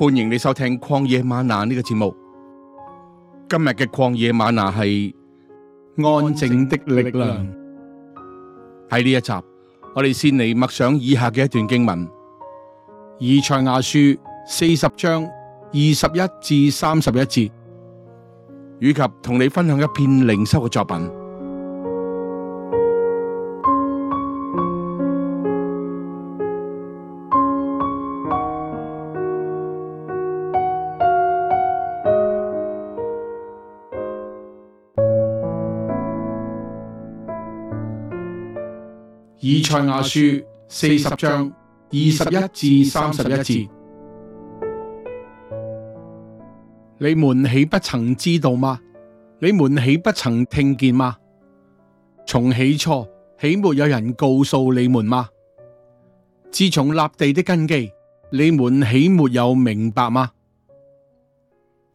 歡迎你收聽曠野嗎哪呢個節目。今日嘅曠野嗎哪係安靜的力量。喺呢一集，我哋先嚟默想以下嘅一段經文：以賽亞書四十章二十一至三十一節，以及同你分享一篇靈修嘅作品。以賽亞書四十章二十一至三十一節：你們豈不曾知道嗎？你們豈不曾聽見嗎？從起初，豈沒有人告訴你們嗎？自從立地的根基，你們豈沒有明白嗎？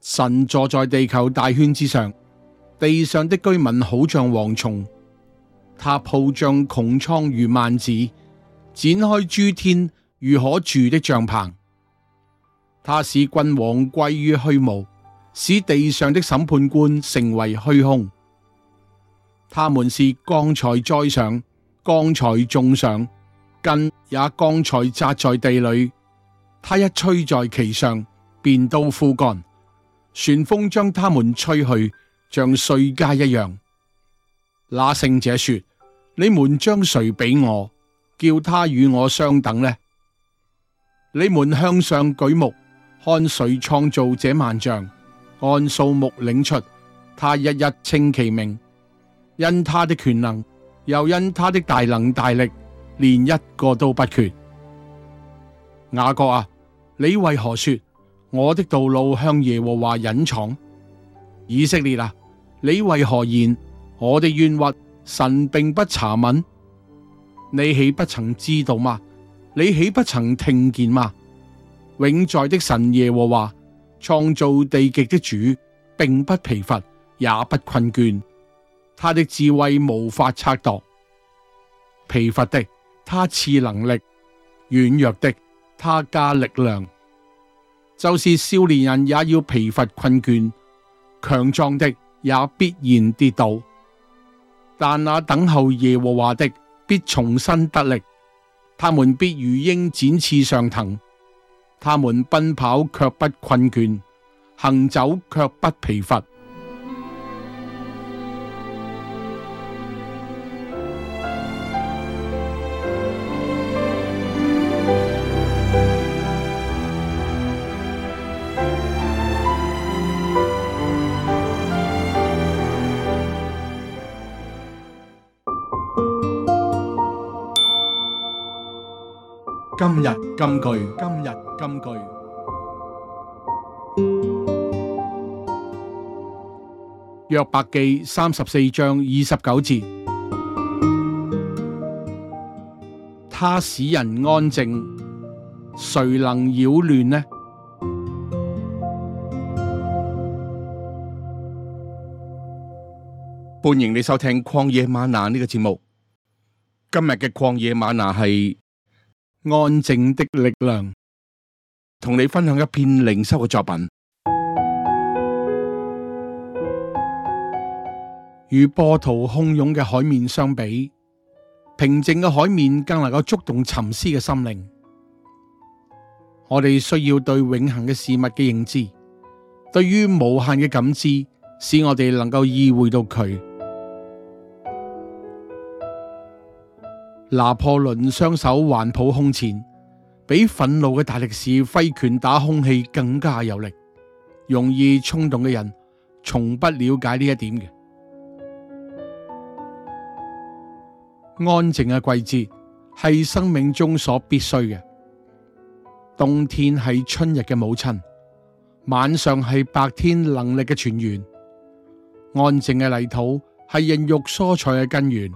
神坐在地球大圈之上，地上的居民好像蝗蟲。他鋪張穹蒼如幔子，展開諸天如可住的帳篷。他使君王歸於虛無，使地上的審判官成為虛空。他們是剛才栽上，剛才種上，根也剛才扎在地裡。他一吹在其上，便都枯乾。旋風將他們吹去，像碎秸一樣。那聖者說：你們將誰比我，叫他與我相等呢？你們向上舉目，看誰創造這萬象，按數目領出，他一一稱其名。因他的權能，又因他的大能大力，連一個都不缺。雅各啊，你為何說我的道路向耶和華隱藏？以色列啊，你為何言？我哋冤屈，神並不查問，你豈不曾知道嗎？你豈不曾聽見嗎？永在的神耶和華，創造地極的主，並不疲乏也不困倦，他的智慧無法測度，疲乏的他賜能力，軟弱的他加力量，就是少年人也要疲乏困倦，強壯的也必然跌倒。但那等候耶和華的必重新得力，他們必如鷹展翅上騰，他們奔跑卻不困倦，行走卻不疲乏。今日金句，今日金句。約伯記三十四章二十九節，他使人安靜，誰能擾亂呢？歡迎你收聽曠野嗎哪呢個節目。今日嘅曠野嗎哪係。安靜的力量，同你分享一篇靈修嘅作品。與波濤洶湧嘅海面相比，平靜嘅海面更能夠觸動沉思嘅心靈。我哋需要對永恒嘅事物嘅認知，對於無限嘅感知，使我哋能夠意會到佢。拿破崙雙手環抱胸前，比憤怒嘅大力士揮拳打空氣更加有力。容易衝動嘅人，從不了解呢一點嘅。安靜嘅季節係生命中所必須嘅。冬天係春日嘅母親，晚上係白天能力嘅泉源。安靜嘅泥土係孕育蔬菜嘅根源。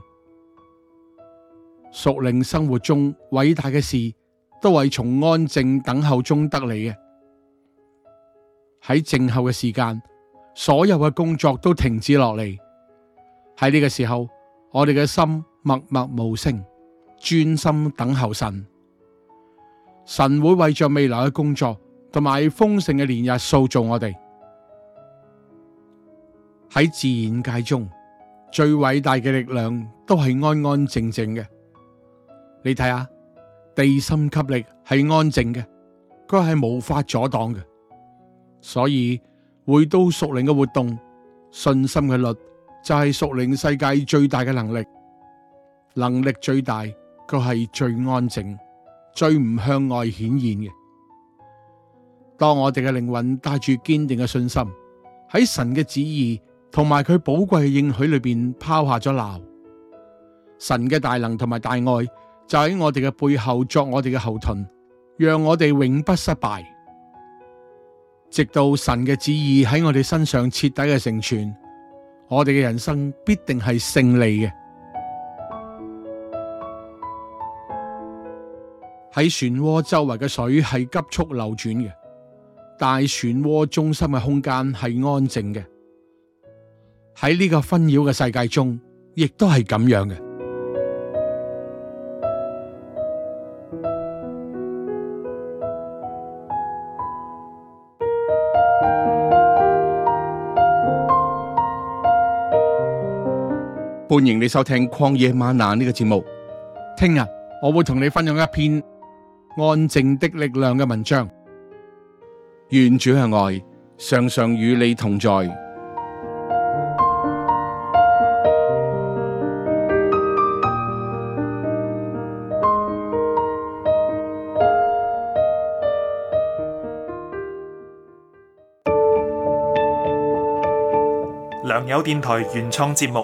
屬靈生活中偉大嘅事，都係從安靜等候中得嚟嘅。喺靜候嘅時間，所有嘅工作都停止落嚟。喺呢個時候，我哋嘅心默默無聲，專心等候神。神會為着未來嘅工作同埋豐盛嘅年日塑造我哋。喺自然界中，最偉大嘅力量都係安安靜靜嘅。你睇下地心吸力係安靜嘅，佢係無法阻擋嘅。所以回到屬靈嘅活動，信心嘅律就係、是、屬靈世界最大嘅能力。能力最大，佢係最安靜、最唔向外顯現嘅。當我哋嘅靈魂帶住堅定嘅信心，喺神嘅旨意同埋佢寶貴嘅應許裏邊拋下咗鬧神嘅大能同埋大愛。就喺我哋嘅背後，作我哋嘅後盾，讓我哋永不失敗，直到神嘅旨意喺我哋身上徹底嘅成全，我哋嘅人生必定係勝利嘅。喺漩渦周圍嘅水係急速流轉嘅，但係漩渦中心嘅空間係安靜嘅。喺呢個紛擾嘅世界中，亦都係咁樣嘅。歡迎你收聽曠野嗎哪呢個節目。聽日我會同你分享一篇安靜的力量嘅文章。願主嘅愛常常與你同在。良友電台原創節目。